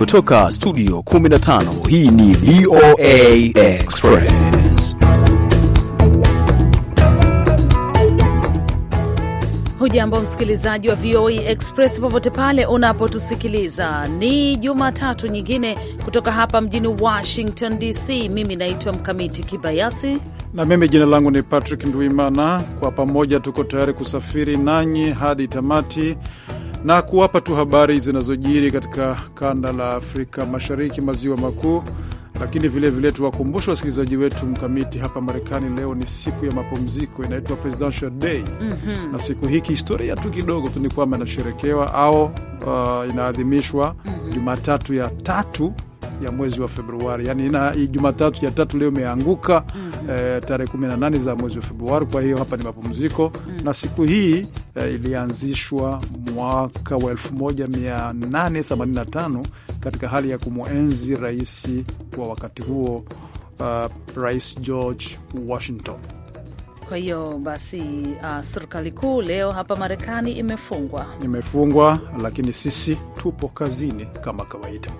kutoka studio 15 hii ni VOA Express. Hujambo msikilizaji wa VOA Express popote pale unapotusikiliza, ni Jumatatu nyingine kutoka hapa mjini Washington DC. Mimi naitwa Mkamiti Kibayasi na mimi jina langu ni Patrick Ndwimana. Kwa pamoja tuko tayari kusafiri nanyi hadi tamati na kuwapa tu habari zinazojiri katika kanda la Afrika Mashariki, maziwa makuu. Lakini vilevile tuwakumbusha wasikilizaji wetu mkamiti, hapa Marekani leo ni siku ya mapumziko, inaitwa presidential day mm -hmm. na siku hiki historia tu kidogo tu ni kwamba inasherekewa au uh, inaadhimishwa mm -hmm. Jumatatu ya tatu ya mwezi wa Februari, yani ina Jumatatu ya tatu leo imeanguka mm -hmm. e, tarehe 18 za mwezi wa Februari. Kwa hiyo hapa ni mapumziko mm -hmm. na siku hii e, ilianzishwa mwaka wa 1885 katika hali ya kumwenzi rais wa wakati huo uh, Rais George Washington. Kwa hiyo basi uh, serikali kuu leo hapa Marekani imefungwa imefungwa, lakini sisi tupo kazini kama kawaida.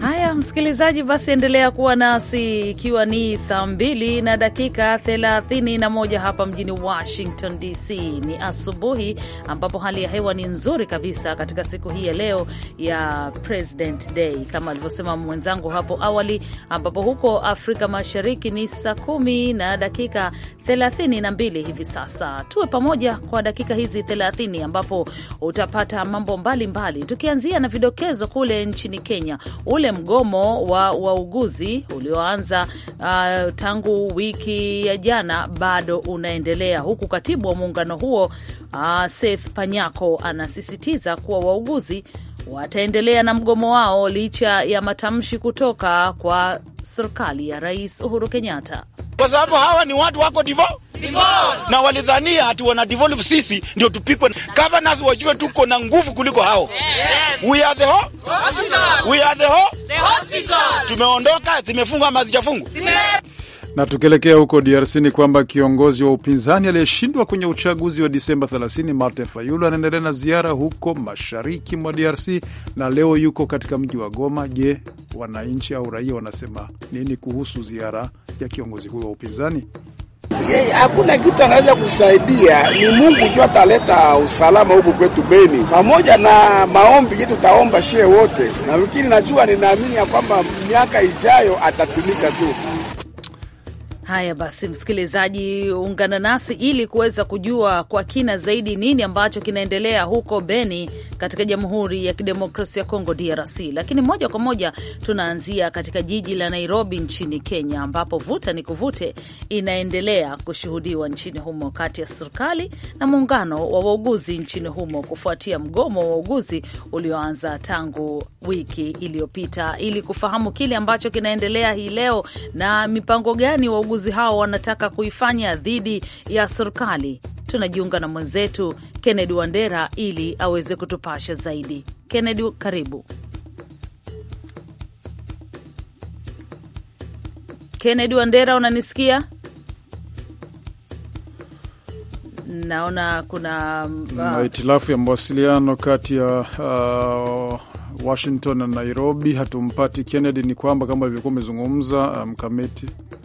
Haya, msikilizaji, basi endelea kuwa nasi ikiwa ni saa mbili na dakika thelathini na moja hapa mjini Washington DC. Ni asubuhi ambapo hali ya hewa ni nzuri kabisa katika siku hii ya leo ya President Day kama alivyosema mwenzangu hapo awali, ambapo huko Afrika Mashariki ni saa kumi na dakika thelathini na mbili hivi sasa. Tuwe pamoja kwa dakika hizi thelathini ambapo utapata mambo mbalimbali mbali, tukianzia na vidokezo kule nchini Kenya ule ule mgomo wa wauguzi ulioanza uh, tangu wiki ya jana bado unaendelea, huku katibu wa muungano huo uh, Seth Panyako anasisitiza kuwa wauguzi wataendelea na mgomo wao licha ya matamshi kutoka kwa serikali ya Rais Uhuru Kenyatta, kwa sababu hawa ni watu wako divo na walidhania ati wana devolve sisi ndio tupikwe. Governors wajue tuko na nguvu kuliko hao. Yes. We are the ho hospital. We are the ho the hospital. Tumeondoka, zimefungwa ama zijafungwa? Na tukielekea huko DRC ni kwamba kiongozi wa upinzani aliyeshindwa kwenye uchaguzi wa Disemba 30 Martin Fayulu anaendelea na ziara huko mashariki mwa DRC na leo yuko katika mji wa Goma. Je, wananchi au raia wanasema nini kuhusu ziara ya kiongozi huyo wa upinzani? Hakuna kitu anaweza kusaidia, ni Mungu ndio ataleta usalama huku kwetu Beni, pamoja na maombi yetu, tutaomba shie wote, na lakini najua, ninaamini ya kwamba miaka ijayo atatumika tu. Haya basi, msikilizaji, ungana nasi ili kuweza kujua kwa kina zaidi nini ambacho kinaendelea huko Beni katika Jamhuri ya Kidemokrasia ya Kongo, DRC. Lakini moja kwa moja tunaanzia katika jiji la Nairobi nchini Kenya, ambapo vuta ni kuvute inaendelea kushuhudiwa nchini humo kati ya serikali na muungano wa wauguzi nchini humo kufuatia mgomo wa wauguzi ulioanza tangu wiki iliyopita. Ili kufahamu kile ambacho kinaendelea hii leo na mipango gani wauguzi wachambuzi hao wanataka kuifanya dhidi ya serikali. Tunajiunga na mwenzetu Kennedy Wandera ili aweze kutupasha zaidi. Kennedy, karibu. Kennedy Wandera, unanisikia? Naona kuna uh... ya mawasiliano kati ya uh, Washington na Nairobi. Hatumpati Kennedy. Ni kwamba kama ilivyokuwa umezungumza ah, mkamiti um,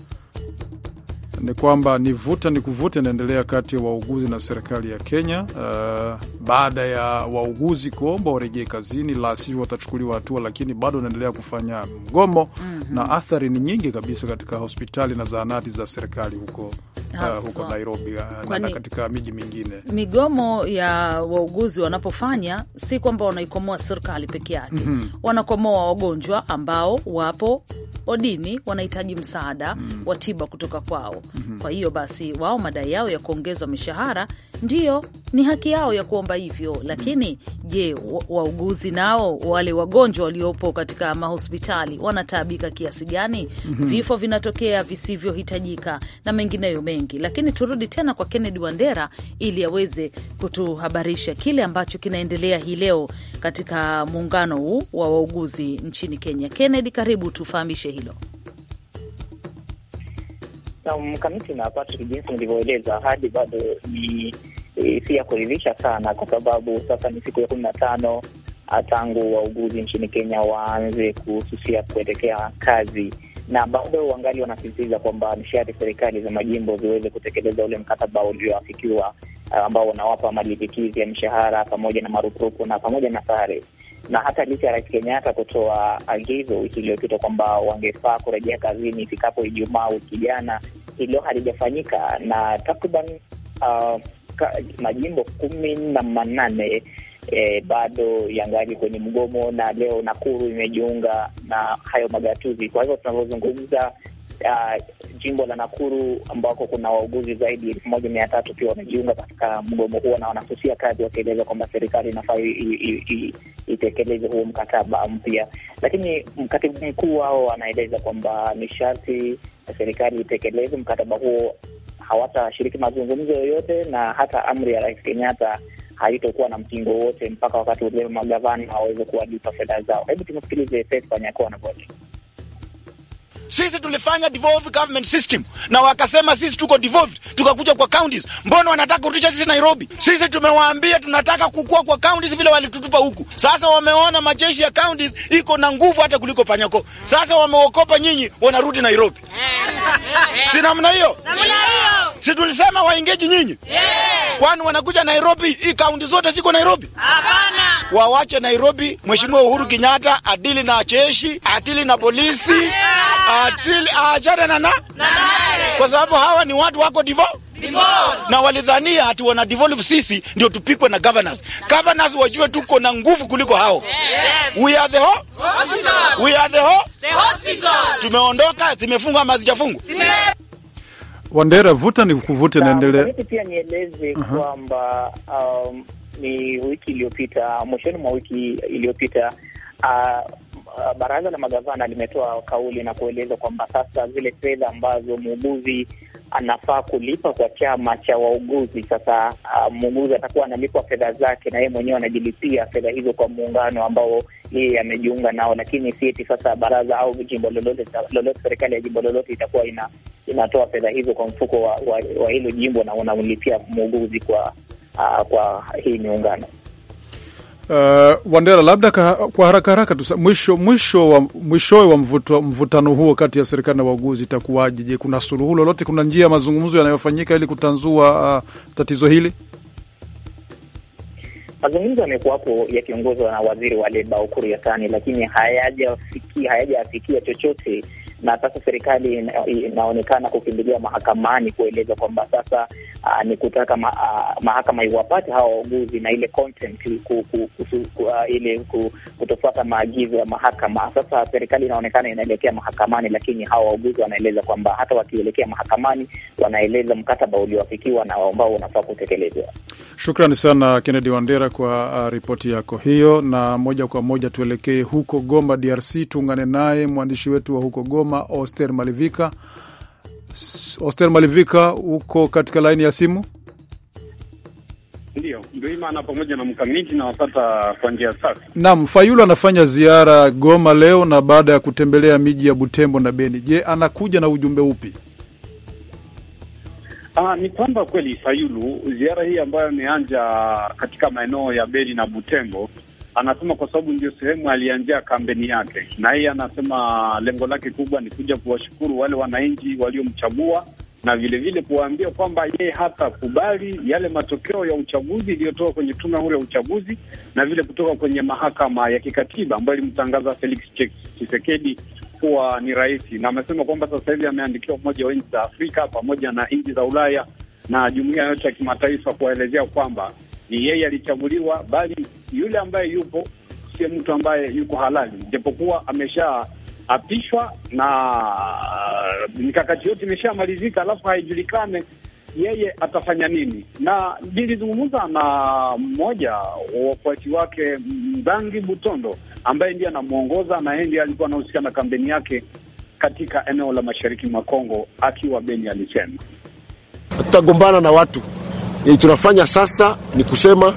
ni kwamba ni vuta ni kuvuta inaendelea kati ya wauguzi na serikali ya Kenya uh, baada ya wauguzi kuomba warejee kazini, la sivyo watachukuliwa hatua, lakini bado wanaendelea kufanya mgomo mm -hmm. na athari ni nyingi kabisa katika hospitali na zahanati za serikali huko uh, huko Nairobi uh, na, na katika miji mingine. Migomo ya wauguzi wanapofanya si kwamba wanaikomoa serikali peke yake mm -hmm. wanakomoa wagonjwa ambao wapo odini wanahitaji msaada mm -hmm. wa tiba kutoka kwao mm -hmm. Kwa hiyo basi wao madai yao ya kuongezwa mishahara ndio ni haki yao ya kuomba hivyo, mhm. lakini je, wauguzi nao wale wagonjwa waliopo katika mahospitali wanataabika kiasi gani? mm -hmm. Vifo vinatokea visivyohitajika na mengineyo mengi mengi, lakini turudi tena kwa Kennedy Wandera ili aweze kutuhabarisha kile ambacho kinaendelea hii leo katika muungano huu wa wauguzi nchini Kenya. Kennedy, karibu tufahamishe hilo. Mkamiti na Patrick, jinsi nilivyoeleza, hali bado ni e, si ya kuridhisha sana, kwa sababu sasa ni siku ya kumi na tano tangu wauguzi nchini Kenya waanze kususia kuelekea kazi na bado wangali wanasisitiza kwamba nishati serikali za majimbo ziweze kutekeleza ule mkataba ulioafikiwa uh, ambao unawapa malimbikizi ya mishahara pamoja na marupurupu na pamoja na sare na hata licha ya Rais Kenyatta kutoa agizo wiki iliyopita kwamba wangefaa kurejea kazini ifikapo Ijumaa wiki jana, hilo halijafanyika na takriban uh, majimbo kumi na manane e, bado yangali kwenye mgomo, na leo Nakuru imejiunga na hayo magatuzi. Kwa hivyo tunavyozungumza, uh, jimbo la Nakuru ambako kuna wauguzi zaidi elfu moja mia tatu pia wamejiunga katika mgomo huo, na wanasusia kazi wakieleza kwamba serikali inafaa itekeleze huo mkataba mpya, lakini mkatibu mkuu wao anaeleza kwamba ni sharti serikali itekeleze mkataba huo hawatashiriki mazungumzo yoyote na hata amri ya Rais Kenyatta haitokuwa na mpingo wote mpaka wakati ule magavana waweze kuwalipa fedha zao. Hebu tumsikilize Pesa Nyako anavyoeleza. Sisi tulifanya devolved government system na wakasema sisi tuko devolved, tukakuja kwa counties. Mbona wanataka kurudisha sisi Nairobi? Sisi tumewaambia tunataka kukua kwa counties vile walitutupa huku. Sasa wameona majeshi ya counties iko na nguvu hata kuliko panyako. Sasa wameokopa nyinyi, wanarudi Nairobi. Si namna hiyo? Si tulisema waingeji nyinyi? Kwani wanakuja Nairobi, hii county zote ziko Nairobi? Hapana. Wawache Nairobi, Mheshimiwa Uhuru Kenyatta adili na jeshi, adili na polisi. Atili aachane na na kwa sababu hawa ni watu wako divo na walidhania ati wana devolve sisi ndio tupikwe na governors. Governors wajue tuko na nguvu kuliko hao. Yes. We are the ho hospital. We are the ho the hospital. Tumeondoka, zimefungwa ama hazijafungwa? Wandera, vuta ni kuvute naendelea. Mimi pia nieleze uh -huh. kwamba um, ni wiki iliyopita mwishoni mwa wiki iliyopita uh, Uh, baraza la magavana limetoa kauli na kueleza kwamba sasa zile fedha ambazo muuguzi anafaa kulipa kwa chama cha wauguzi, sasa uh, muuguzi atakuwa analipwa fedha zake na yeye mwenyewe anajilipia fedha hizo kwa muungano ambao yeye amejiunga nao, lakini si eti sasa baraza au jimbo lolote lolote, serikali ya jimbo lolote itakuwa ina, inatoa fedha hizo kwa mfuko wa hilo wa, hilo jimbo na unamlipia muuguzi kwa, uh, kwa hii miungano. Uh, Wandera, labda kwa haraka haraka tu mwisho mwisho wa mwishowe wa mvuto, mvutano huo kati ya serikali na wauguzi itakuwaje? Je, kuna suluhu lolote? Kuna njia ya mazungumzo yanayofanyika ili kutanzua uh, tatizo hili? Mazungumzo yamekuwapo yakiongozwa na waziri wa leba Ukur Yatani, lakini hayajafikia hayajafikia chochote na sasa serikali inaonekana kukimbilia mahakamani kueleza kwamba sasa uh, ni kutaka ma, uh, mahakama iwapate hawa wauguzi na ile content ku, ku, ku, ku, uh, ile kutofuata maagizo ya mahakama. Sasa serikali inaonekana inaelekea mahakamani, lakini hawa wauguzi wanaeleza kwamba hata wakielekea mahakamani, wanaeleza mkataba ulioafikiwa na ambao unafaa kutekelezwa. Shukrani sana Kennedy Wandera kwa uh, ripoti yako hiyo, na moja kwa moja tuelekee huko Goma, DRC, tuungane naye mwandishi wetu wa huko Goma kama Oster Malivika. Oster Malivika, uko katika laini ya simu? Ndio, pamoja na mkamiti kwa njia safi. Naam, Fayulu anafanya ziara Goma leo na baada ya kutembelea miji ya Butembo na Beni. Je, anakuja na ujumbe upi? Aa, ah, ni kwamba kweli Fayulu ziara hii ambayo ameanza katika maeneo ya Beni na Butembo Anasema kwa sababu ndio sehemu alianzia kampeni yake, na yeye anasema lengo lake kubwa ni kuja kuwashukuru wale wananchi waliomchagua na vilevile kuwaambia kwamba yeye hata kubali yale matokeo ya uchaguzi iliyotoka kwenye tume huru ya uchaguzi na vile kutoka kwenye mahakama ya kikatiba ambayo ilimtangaza Felix Tshisekedi kuwa ni rais, na amesema kwamba sasa hivi ameandikiwa Umoja wa Nchi za Afrika pamoja na nchi za Ulaya na jumuiya yote ya kimataifa kuwaelezea kwamba ni yeye alichaguliwa, bali yule ambaye yupo si mtu ambaye yuko halali, japokuwa ameshaapishwa na uh, mikakati yote imeshamalizika, alafu haijulikane yeye atafanya nini. Na nilizungumza na mmoja wa wafuasi wake Mbangi Butondo, ambaye ndiye anamwongoza na yeye ndiye alikuwa anahusika na kampeni yake katika eneo la mashariki mwa Kongo, akiwa Beni, alisema tutagombana na watu Yenye tunafanya sasa ni kusema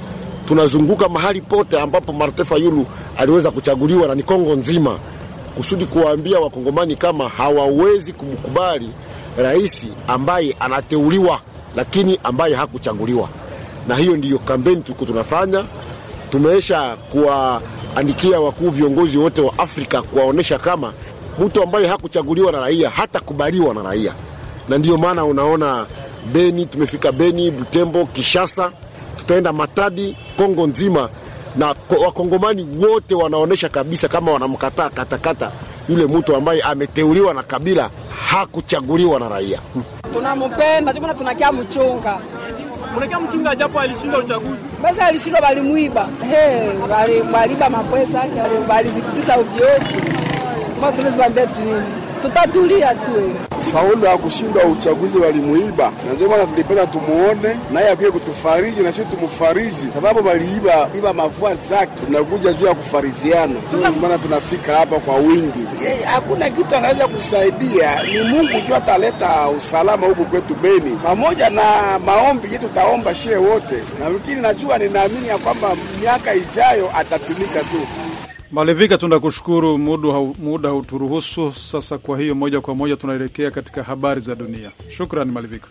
tunazunguka mahali pote ambapo Martin Fayulu aliweza kuchaguliwa na ni Kongo nzima, kusudi kuwaambia wakongomani kama hawawezi kumkubali rais ambaye anateuliwa lakini ambaye hakuchaguliwa. Na hiyo ndiyo kampeni tuko tunafanya. Tumeesha kuwaandikia wakuu viongozi wote wa Afrika kuwaonyesha kama mtu ambaye hakuchaguliwa na raia hatakubaliwa na raia, na ndiyo maana unaona Beni, tumefika Beni, Butembo, Kishasa, tutaenda Matadi, Kongo nzima, na wakongomani wote wanaonyesha kabisa kama wanamkataa katakata yule mtu ambaye ameteuliwa na Kabila, hakuchaguliwa na raia. Tunampenda jumana, tunakia mchunga Mnakia mchunga japo alishinda uchaguzi. Basi alishinda walimuiba. He, walimuiba mapesa yake, walizikitisha ovyo ovyo. Mbona tunaweza kuambia nini? tutatulia tu. Faulu ya kushindwa uchaguzi walimuiba, na ndio maana tulipenda tumuone naye akuye kutufariji na sisi tumufariji, sababu waliiba iba mavua zake. Tunakuja juu ya kufarijiana, maana tunafika hapa kwa wingi. Hakuna kitu anaweza kusaidia, ni Mungu ndio ataleta usalama huku kwetu Beni, pamoja na maombi yetu, tutaomba shie wote, na wengine najua, ninaamini ya kwamba miaka ijayo atatumika tu malivika tunakushukuru, muda hauturuhusu sasa. Kwa hiyo moja kwa moja tunaelekea katika habari za dunia. Shukrani Malivika.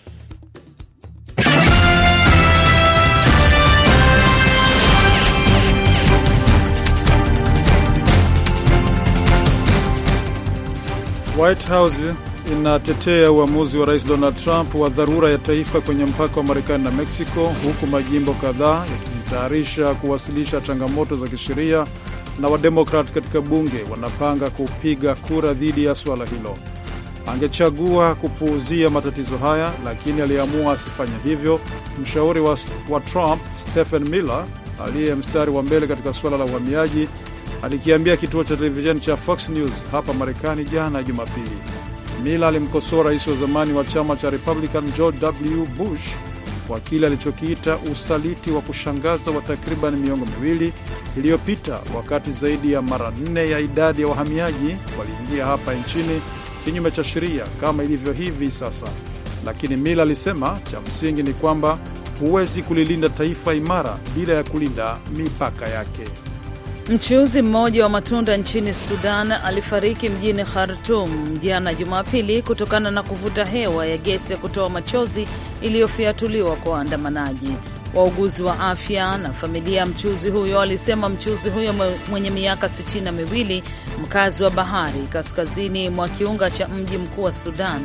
White House inatetea uamuzi wa rais Donald Trump wa dharura ya taifa kwenye mpaka wa Marekani na Meksiko, huku majimbo kadhaa yakijitayarisha kuwasilisha changamoto za kisheria na Wademokrat katika bunge wanapanga kupiga kura dhidi ya suala hilo. Angechagua kupuuzia matatizo haya, lakini aliamua asifanye hivyo. Mshauri wa, wa Trump Stephen Miller aliye mstari wa mbele katika suala la uhamiaji alikiambia kituo cha televisheni cha Fox News hapa Marekani jana Jumapili. Miller alimkosoa rais wa zamani wa chama cha Republican George W. Bush kwa kile alichokiita usaliti wa kushangaza wa takriban miongo miwili iliyopita, wakati zaidi ya mara nne ya idadi ya wahamiaji waliingia hapa nchini kinyume cha sheria kama ilivyo hivi sasa. Lakini Mila alisema cha msingi ni kwamba huwezi kulilinda taifa imara bila ya kulinda mipaka yake. Mchuuzi mmoja wa matunda nchini Sudan alifariki mjini Khartum jana Jumapili kutokana na kuvuta hewa ya gesi ya kutoa machozi iliyofiatuliwa kwa waandamanaji. Wauguzi wa afya na familia ya mchuzi huyo alisema mchuzi huyo mwenye miaka sitini na miwili, mkazi wa Bahari kaskazini mwa kiunga cha mji mkuu wa Sudan,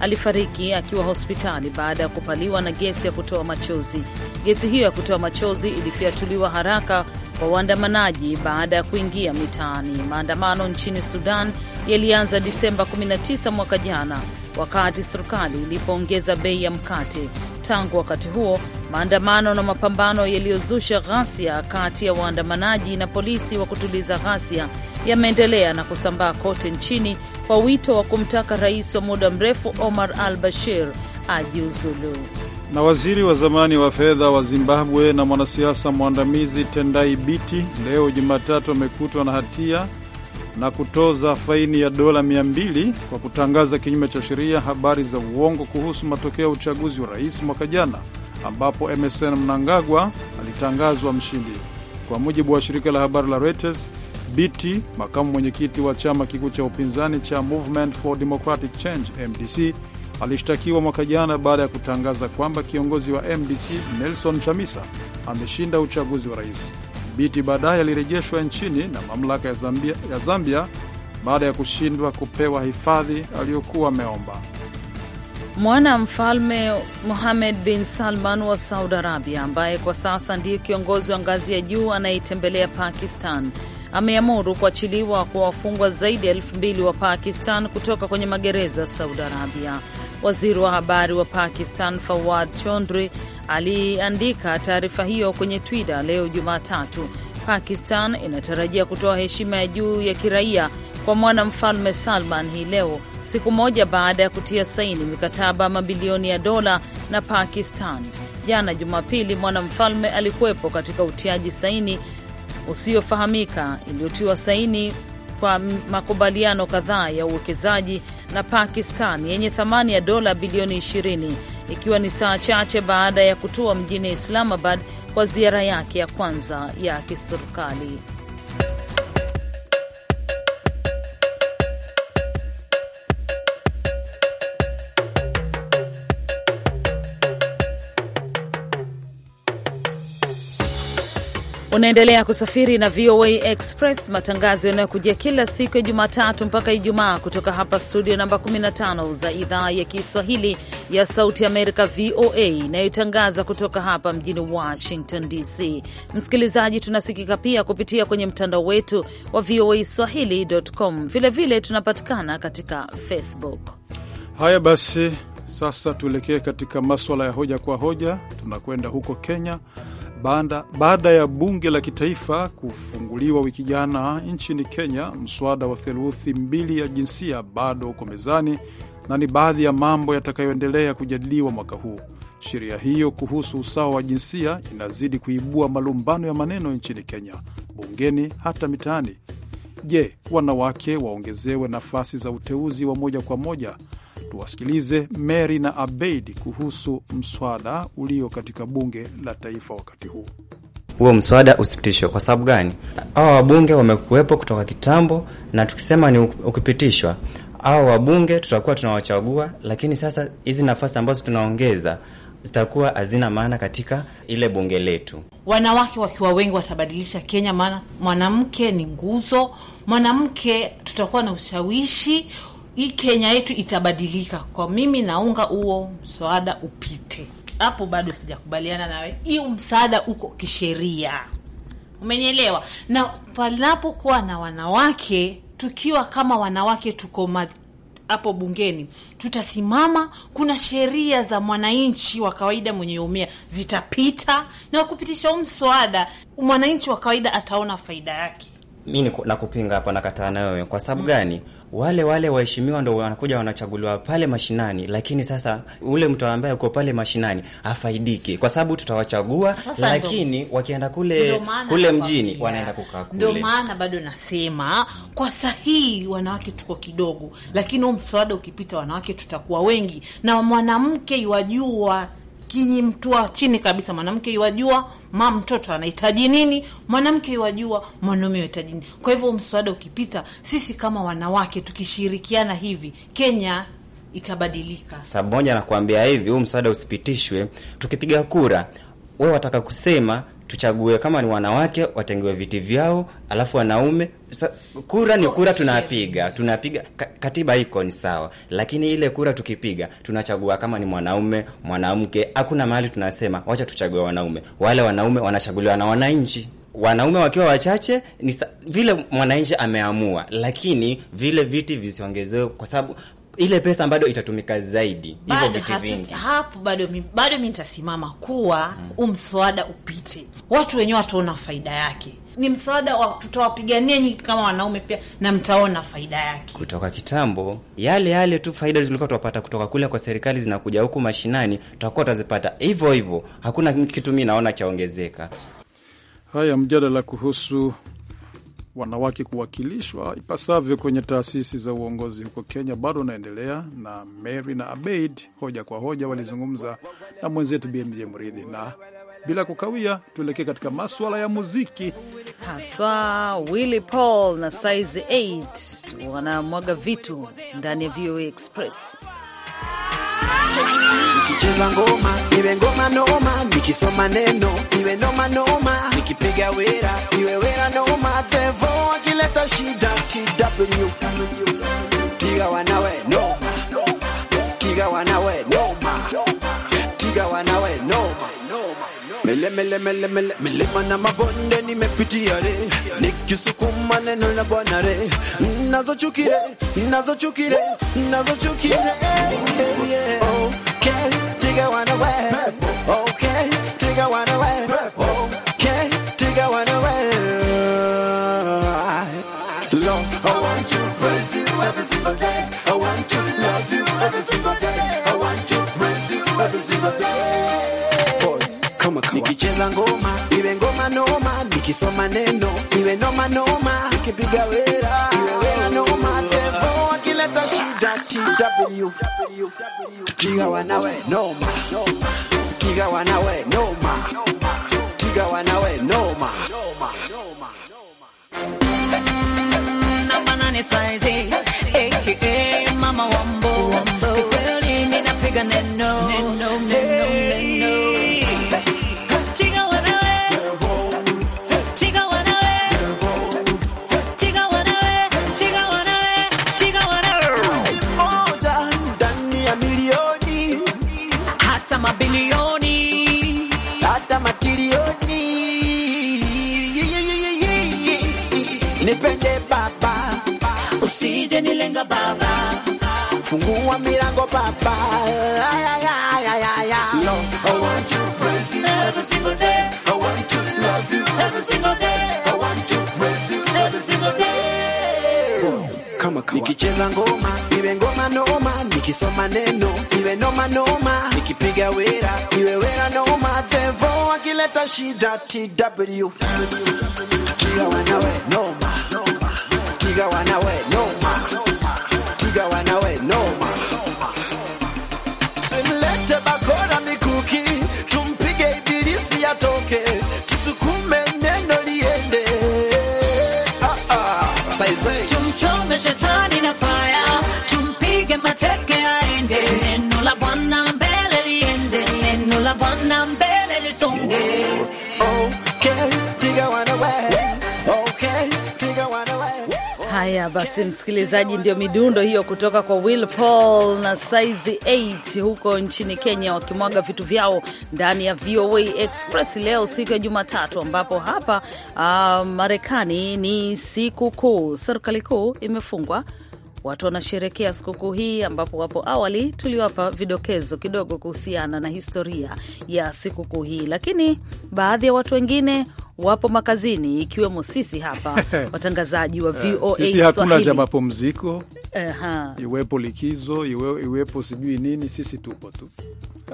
alifariki akiwa hospitali baada ya kupaliwa na gesi ya kutoa machozi. Gesi hiyo ya kutoa machozi ilifiatuliwa haraka kwa waandamanaji baada ya kuingia mitaani. Maandamano nchini Sudan yalianza Disemba 19 mwaka jana wakati serikali ilipoongeza bei ya mkate. Tangu wakati huo, maandamano na mapambano yaliyozusha ghasia kati ya waandamanaji na polisi wa kutuliza ghasia yameendelea na kusambaa kote nchini kwa wito wa kumtaka rais wa muda mrefu Omar al-Bashir ajiuzulu. Na waziri wa zamani wa fedha wa Zimbabwe na mwanasiasa mwandamizi Tendai Biti leo Jumatatu amekutwa na hatia na kutoza faini ya dola 200 kwa kutangaza kinyume cha sheria habari za uongo kuhusu matokeo ya uchaguzi wa rais mwaka jana ambapo MSN Mnangagwa alitangazwa mshindi. Kwa mujibu wa shirika la habari la Reuters, Biti, makamu mwenyekiti wa chama kikuu cha upinzani cha Movement for Democratic Change MDC, alishtakiwa mwaka jana baada ya kutangaza kwamba kiongozi wa MDC Nelson Chamisa ameshinda uchaguzi wa rais. Biti baadaye alirejeshwa nchini na mamlaka ya Zambia, ya Zambia baada ya kushindwa kupewa hifadhi aliyokuwa ameomba. Mwana mfalme Mohamed bin Salman wa Saudi Arabia, ambaye kwa sasa ndiye kiongozi wa ngazi ya juu anayetembelea Pakistan, ameamuru kuachiliwa kwa wafungwa zaidi ya elfu mbili wa Pakistan kutoka kwenye magereza ya Saudi Arabia. Waziri wa habari wa Pakistan Fawad Chaudhry aliandika taarifa hiyo kwenye Twitter leo Jumatatu. Pakistan inatarajia kutoa heshima ya juu ya kiraia kwa mwanamfalme Salman hii leo, siku moja baada ya kutia saini mikataba mabilioni ya dola na Pakistan. Jana Jumapili, mwanamfalme alikuwepo katika utiaji saini usiofahamika iliyotiwa saini kwa makubaliano kadhaa ya uwekezaji na Pakistan yenye thamani ya dola bilioni 20 ikiwa ni saa chache baada ya kutua mjini Islamabad kwa ziara yake ya kwanza ya kiserikali. Unaendelea kusafiri na VOA Express, matangazo yanayokujia kila siku ya Jumatatu mpaka Ijumaa kutoka hapa studio namba 15 za idhaa ya Kiswahili ya Sauti Amerika, VOA, inayotangaza kutoka hapa mjini Washington DC. Msikilizaji, tunasikika pia kupitia kwenye mtandao wetu wa VOA Swahili.com. Vilevile tunapatikana katika Facebook. Haya basi, sasa tuelekee katika maswala ya hoja kwa hoja. Tunakwenda huko Kenya baada, baada ya bunge la kitaifa kufunguliwa wiki jana nchini Kenya, mswada wa theluthi mbili ya jinsia bado uko mezani na ni baadhi ya mambo yatakayoendelea kujadiliwa mwaka huu. Sheria hiyo kuhusu usawa wa jinsia inazidi kuibua malumbano ya maneno nchini Kenya, bungeni, hata mitaani. Je, wanawake waongezewe nafasi za uteuzi wa moja kwa moja tuwasikilize Mary na Abeid kuhusu mswada ulio katika bunge la taifa wakati huu. Huo mswada usipitishwe. Kwa sababu gani? Hawa wabunge wamekuwepo kutoka kitambo, na tukisema ni ukipitishwa hawa wabunge tutakuwa tunawachagua, lakini sasa hizi nafasi ambazo tunaongeza zitakuwa hazina maana katika ile bunge letu. Wanawake wakiwa wengi watabadilisha Kenya, maana mwanamke ni nguzo, mwanamke tutakuwa na ushawishi hii Kenya yetu itabadilika. Kwa mimi naunga huo mswada upite. Hapo bado sijakubaliana nawe, hiyo msaada uko kisheria, umenielewa? Na panapokuwa na wanawake, tukiwa kama wanawake tuko hapo bungeni tutasimama. Kuna sheria za mwananchi wa kawaida mwenye umia zitapita, na kupitisha huu mswada, mwananchi wa kawaida ataona faida yake. Mi nakupinga hapa, nakataa nawewe. Kwa sababu mm. gani? wale wale waheshimiwa ndo wanakuja wanachaguliwa pale mashinani, lakini sasa ule mtu ambaye uko pale mashinani afaidike, kwa sababu tutawachagua sasa, lakini wakienda kule kule mjini wanaenda kukaa kule. Ndio maana bado nasema kwa sahihi, wanawake tuko kidogo, lakini huu mswada ukipita, wanawake tutakuwa wengi na mwanamke iwajua maskini, mtu wa chini kabisa. Mwanamke iwajua ma mtoto anahitaji nini, mwanamke iwajua mwanaume anahitaji nini. Kwa hivyo mswada ukipita, sisi kama wanawake tukishirikiana hivi, Kenya itabadilika. Sababu moja nakuambia hivi, huu mswada usipitishwe, tukipiga kura, we wataka kusema tuchague kama ni wanawake watengewe viti vyao, alafu wanaume sa, kura ni kura, tunapiga tunapiga, katiba iko ni sawa, lakini ile kura tukipiga tunachagua kama ni mwanaume mwanamke, hakuna mahali tunasema wacha tuchague wanaume. Wale wanaume wanachaguliwa na wananchi wanaume wakiwa wachache ni vile mwananchi ameamua, lakini vile viti visiongezewe, kwa sababu ile pesa bado itatumika zaidi hivyo vitu vingi hapo. Bado bado mi nitasimama kuwa mm. umswada upite, watu wenyewe wataona faida yake. Ni mswada tutawapigania nyi kama wanaume pia, na mtaona faida yake. Kutoka kitambo, yale yale tu faida zilikuwa tuwapata kutoka kule kwa serikali zinakuja huku mashinani, tutakuwa tazipata hivyo hivyo, hakuna kitu mi naona chaongezeka. Haya, mjadala kuhusu wanawake kuwakilishwa ipasavyo kwenye taasisi za uongozi huko Kenya bado unaendelea, na Mary na Abeid hoja kwa hoja walizungumza na mwenzetu BMJ Mridhi, na bila kukawia, tuelekee katika maswala ya muziki haswa Willy Paul na Size 8 wanamwaga vitu ndani ya VOA Express. Nikicheza ngoma iwe ngoma noma, nikisoma neno iwe noma noma, nikipiga wera iwe wera noma, devo akileta shida TW mele mele mele mele mele mana mabonde nimepitia re nikisukuma neno la bwana re nazochukire nazochukire nazochukire okay tiga wana we okay tiga wana we okay tiga wana we Lord, I want to praise you every single day. I want to love you every single day. I want to praise you every single day. kama kawa. Nikicheza ngoma iwe ngoma noma, nikisoma neno iwe noma noma, kipiga wera iwe wera noma, tevo akileta shida TW tiga wanawe noma, tiga wanawe noma, tiga wanawe noma, noma, noma, noma. Fungua milango papa. Ay, ay, ay, ay, ay, ay. No, I want to praise you every single day. I want to love you every single day. I want to praise you every single day. Kama kawa. Nikicheza ngoma iwe ngoma noma, nikisoma neno iwe noma noma, nikipiga wera iwe wera noma. Devo akileta shida TW tiga wanawe noma, tiga wanawe noma, tiga wanawe noma. Tuchome shetani na faya, tumpige mateke aende. Neno la Bwana mbele liende, neno la Bwana mbele lisonge. Haya basi, msikilizaji, ndio midundo hiyo kutoka kwa Will Paul na Size 8 huko nchini Kenya, wakimwaga vitu vyao ndani ya VOA Express leo siku ya Jumatatu, ambapo hapa uh, Marekani ni siku kuu, serikali kuu imefungwa watu wanasherekea sikukuu hii, ambapo hapo awali tuliwapa vidokezo kidogo kuhusiana na historia ya sikukuu hii, lakini baadhi ya watu wengine wapo makazini, ikiwemo sisi hapa watangazaji wa eh, VOA sisi hakuna cha mapumziko uh -huh. Iwepo likizo iwe, iwepo sijui nini, sisi tupo tu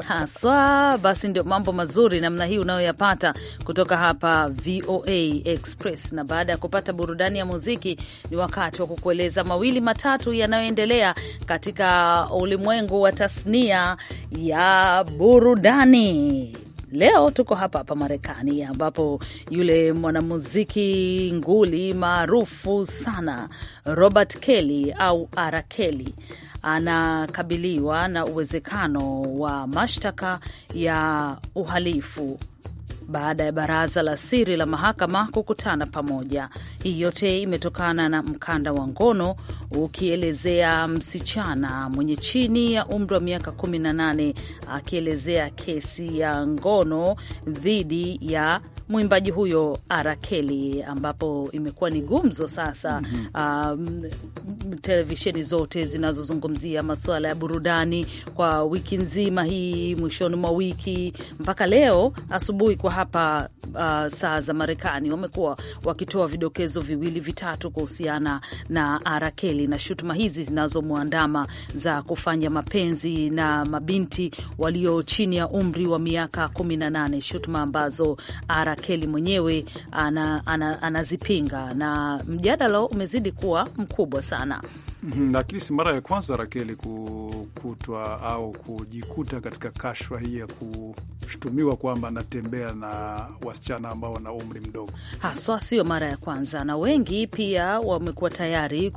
haswa. Basi ndio mambo mazuri namna hii unayoyapata kutoka hapa VOA Express. Na baada ya kupata burudani ya muziki, ni wakati wa kukueleza mawili matatu yanayoendelea katika ulimwengu wa tasnia ya burudani. Leo tuko hapa hapa Marekani, ambapo yule mwanamuziki nguli maarufu sana Robert Kelly au R Kelly anakabiliwa na uwezekano wa mashtaka ya uhalifu baada ya baraza la siri la mahakama kukutana pamoja. Hii yote imetokana na mkanda wa ngono ukielezea msichana mwenye chini ya umri wa miaka 18 akielezea kesi ya ngono dhidi ya mwimbaji huyo Arakeli, ambapo imekuwa ni gumzo sasa. mm -hmm. Um, televisheni zote zinazozungumzia masuala ya burudani kwa wiki nzima hii, mwishoni mwa wiki mpaka leo asubuhi kwa hapa uh, saa za Marekani wamekuwa wakitoa vidokezo viwili vitatu kuhusiana na Arakeli na shutuma hizi zinazomwandama za kufanya mapenzi na mabinti walio chini ya umri wa miaka 18, shutuma ambazo Arakeli mwenyewe anazipinga ana, ana, ana na mjadala umezidi kuwa mkubwa sana. Lakini mm-hmm. si mara ya kwanza Rakeli kukutwa au kujikuta katika kashfa hii ya kushutumiwa kwamba anatembea na wasichana ambao wana umri mdogo haswa, sio mara ya kwanza, na wengi pia wamekuwa tayari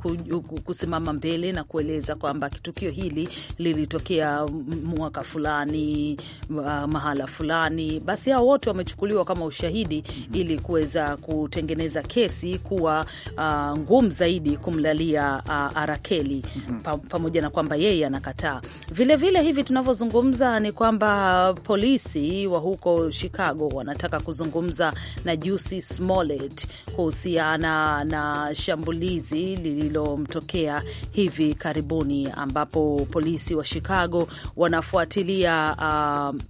kusimama mbele na kueleza kwamba tukio hili lilitokea mwaka fulani, uh, mahala fulani. Basi hao wote wamechukuliwa kama ushahidi mm -hmm. ili kuweza kutengeneza kesi kuwa uh, ngumu zaidi kumlalia uh, Rakeli pa, pamoja na kwamba yeye anakataa. Vilevile hivi tunavyozungumza ni kwamba polisi wa huko Chicago wanataka kuzungumza na Jussie Smollett kuhusiana na shambulizi lililomtokea hivi karibuni ambapo polisi wa Chicago wanafuatilia uh,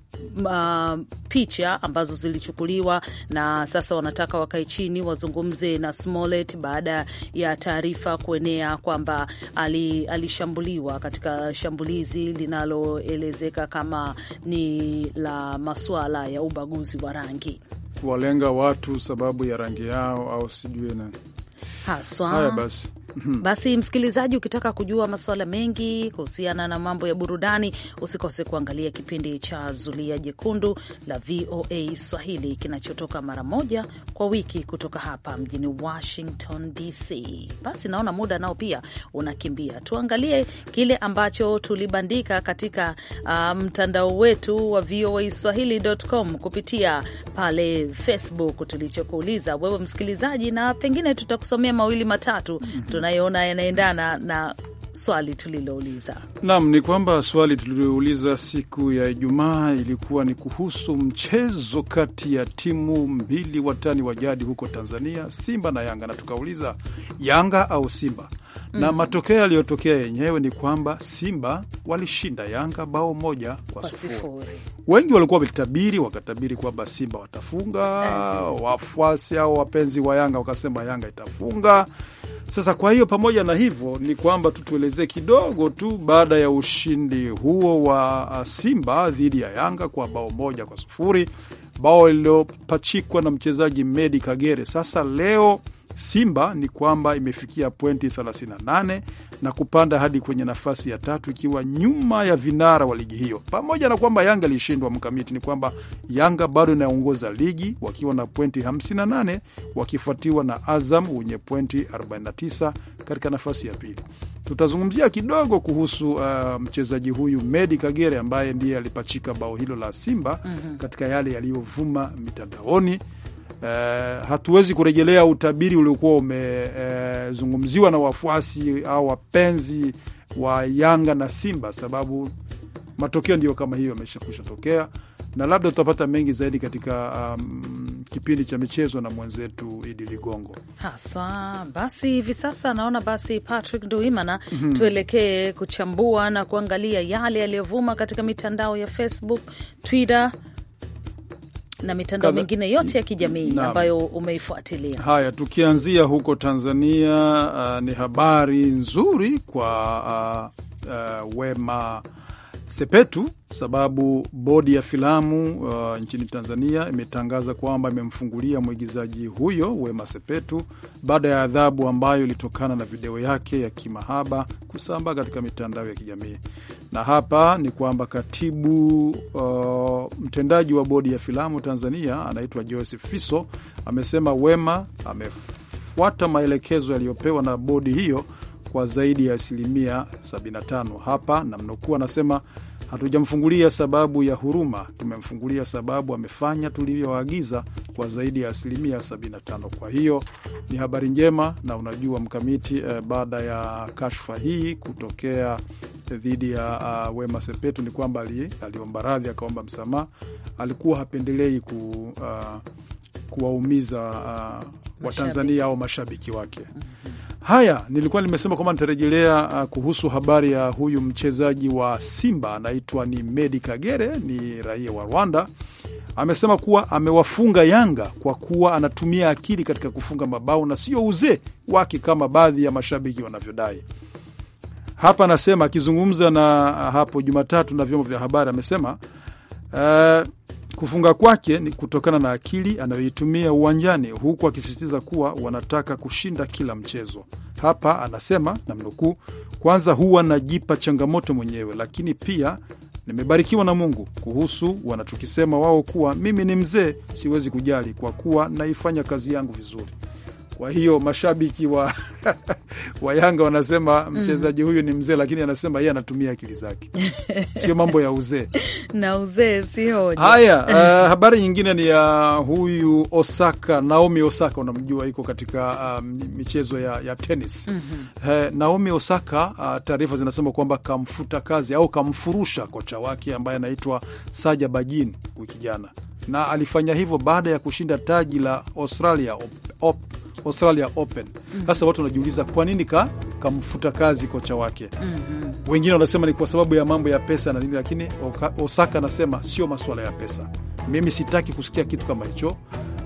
uh, picha ambazo zilichukuliwa na sasa wanataka wakae chini wazungumze na Smollett baada ya taarifa kuenea kwamba alishambuliwa ali katika shambulizi linaloelezeka kama ni la masuala ya ubaguzi wa rangi, kuwalenga watu sababu ya rangi yao au sijui na haswa. Haya basi basi msikilizaji, ukitaka kujua masuala mengi kuhusiana na mambo ya burudani, usikose kuangalia kipindi cha Zulia Jekundu la VOA Swahili kinachotoka mara moja kwa wiki kutoka hapa mjini Washington DC. Basi naona muda nao pia unakimbia, tuangalie kile ambacho tulibandika katika uh, mtandao um, wetu wa VOA Swahili.com kupitia pale Facebook tulichokuuliza wewe msikilizaji, na pengine tutakusomea mawili matatu mm -hmm unayoona yanaendana na swali tulilouliza. Naam, ni kwamba swali tulilouliza siku ya Ijumaa ilikuwa ni kuhusu mchezo kati ya timu mbili watani wa jadi huko Tanzania, Simba na Yanga, na tukauliza Yanga au Simba na mm Matokeo yaliyotokea yenyewe ni kwamba Simba walishinda Yanga bao moja kwa sifuri. Wengi walikuwa wakitabiri, wakatabiri kwamba Simba watafunga, mm-hmm. wafuasi au wapenzi wa Yanga wakasema Yanga itafunga mm sasa kwa hiyo pamoja na hivyo ni kwamba tu tuelezee kidogo tu, baada ya ushindi huo wa uh, Simba dhidi ya Yanga kwa bao moja kwa sufuri bao lililopachikwa na mchezaji Medi Kagere. Sasa leo Simba ni kwamba imefikia pointi 38 na kupanda hadi kwenye nafasi ya tatu ikiwa nyuma ya vinara wa ligi hiyo, pamoja na kwamba Yanga ilishindwa mkamiti. Ni kwamba Yanga bado inaongoza ligi wakiwa na pointi 58, wakifuatiwa na Azam wenye pointi 49 katika nafasi ya pili. Tutazungumzia kidogo kuhusu uh, mchezaji huyu Medi Kagere ambaye ndiye alipachika bao hilo la Simba mm -hmm. katika yale yaliyovuma mitandaoni eh, hatuwezi kurejelea utabiri uliokuwa umezungumziwa eh, na wafuasi au wapenzi wa Yanga na Simba, sababu matokeo ndiyo kama hiyo yamesha tokea, na labda tutapata mengi zaidi katika um, kipindi cha michezo na mwenzetu Idi Ligongo haswa. Basi hivi sasa naona basi Patrick Nduimana, mm -hmm. tuelekee kuchambua na kuangalia yale yaliyovuma katika mitandao ya Facebook, Twitter na mitandao mingine yote ya kijamii na ambayo umeifuatilia. Haya, tukianzia huko Tanzania, uh, ni habari nzuri kwa uh, uh, Wema Sepetu sababu bodi ya filamu uh, nchini Tanzania imetangaza kwamba imemfungulia mwigizaji huyo Wema Sepetu baada ya adhabu ambayo ilitokana na video yake ya kimahaba kusambaa katika mitandao ya kijamii. Na hapa ni kwamba katibu uh, mtendaji wa bodi ya filamu Tanzania anaitwa Joseph Fiso amesema Wema amefuata maelekezo yaliyopewa na bodi hiyo kwa zaidi ya asilimia 75. Hapa Namnukuu anasema hatujamfungulia sababu ya huruma, tumemfungulia sababu amefanya tulivyoagiza kwa zaidi ya asilimia 75. Kwa hiyo ni habari njema, na unajua mkamiti eh, baada ya kashfa hii kutokea eh, dhidi ya uh, Wema Sepetu ni kwamba aliomba radhi, akaomba msamaha. Alikuwa hapendelei ku uh, kuwaumiza uh, Watanzania au mashabiki wake. Haya, nilikuwa nimesema kwamba nitarejelea uh, kuhusu habari ya huyu mchezaji wa Simba anaitwa ni Medi Kagere, ni raia wa Rwanda. Amesema kuwa amewafunga Yanga kwa kuwa anatumia akili katika kufunga mabao na sio uzee wake kama baadhi ya mashabiki wanavyodai. Hapa anasema akizungumza na uh, hapo Jumatatu na vyombo vya habari amesema uh, Kufunga kwake ni kutokana na akili anayoitumia uwanjani, huku akisisitiza kuwa wanataka kushinda kila mchezo. Hapa anasema namnukuu, kwanza huwa najipa changamoto mwenyewe, lakini pia nimebarikiwa na Mungu kuhusu wanachokisema wao kuwa mimi ni mzee, siwezi kujali kwa kuwa naifanya kazi yangu vizuri. Kwa hiyo mashabiki wa, wa Yanga wanasema mchezaji huyu ni mzee, lakini anasema yeye anatumia akili zake, sio mambo ya uzee na uzee sio Haya, uh, habari nyingine ni ya huyu Osaka, Naomi Osaka, unamjua iko katika um, michezo ya, ya tenis mm -hmm. uh, eh, Naomi Osaka uh, taarifa zinasema kwamba kamfuta kazi au kamfurusha kocha wake ambaye anaitwa Saja Bajin wiki jana, na alifanya hivyo baada ya kushinda taji la Australia op, Australia Open. Mhm. Sasa watu wanajiuliza kwa nini ka kamfuta kazi kocha wake. mm -hmm. Wengine wanasema ni kwa sababu ya mambo ya pesa na nini, lakini Osaka anasema sio masuala ya pesa. Mimi sitaki kusikia kitu kama hicho,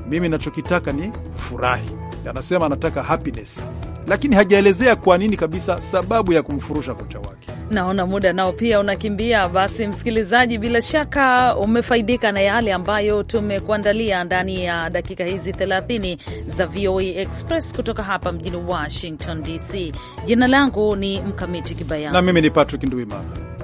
mimi nachokitaka ni furahi. Anasema anataka happiness, lakini hajaelezea kwa nini kabisa sababu ya kumfurusha kocha wake. Naona muda nao pia unakimbia. Basi msikilizaji, bila shaka umefaidika na yale ambayo tumekuandalia ndani ya dakika hizi 30 za VOA e Express kutoka hapa mjini Washington DC. Jina langu ni Mkamiti Kibayasi na mimi ni Patrick Ndwimana.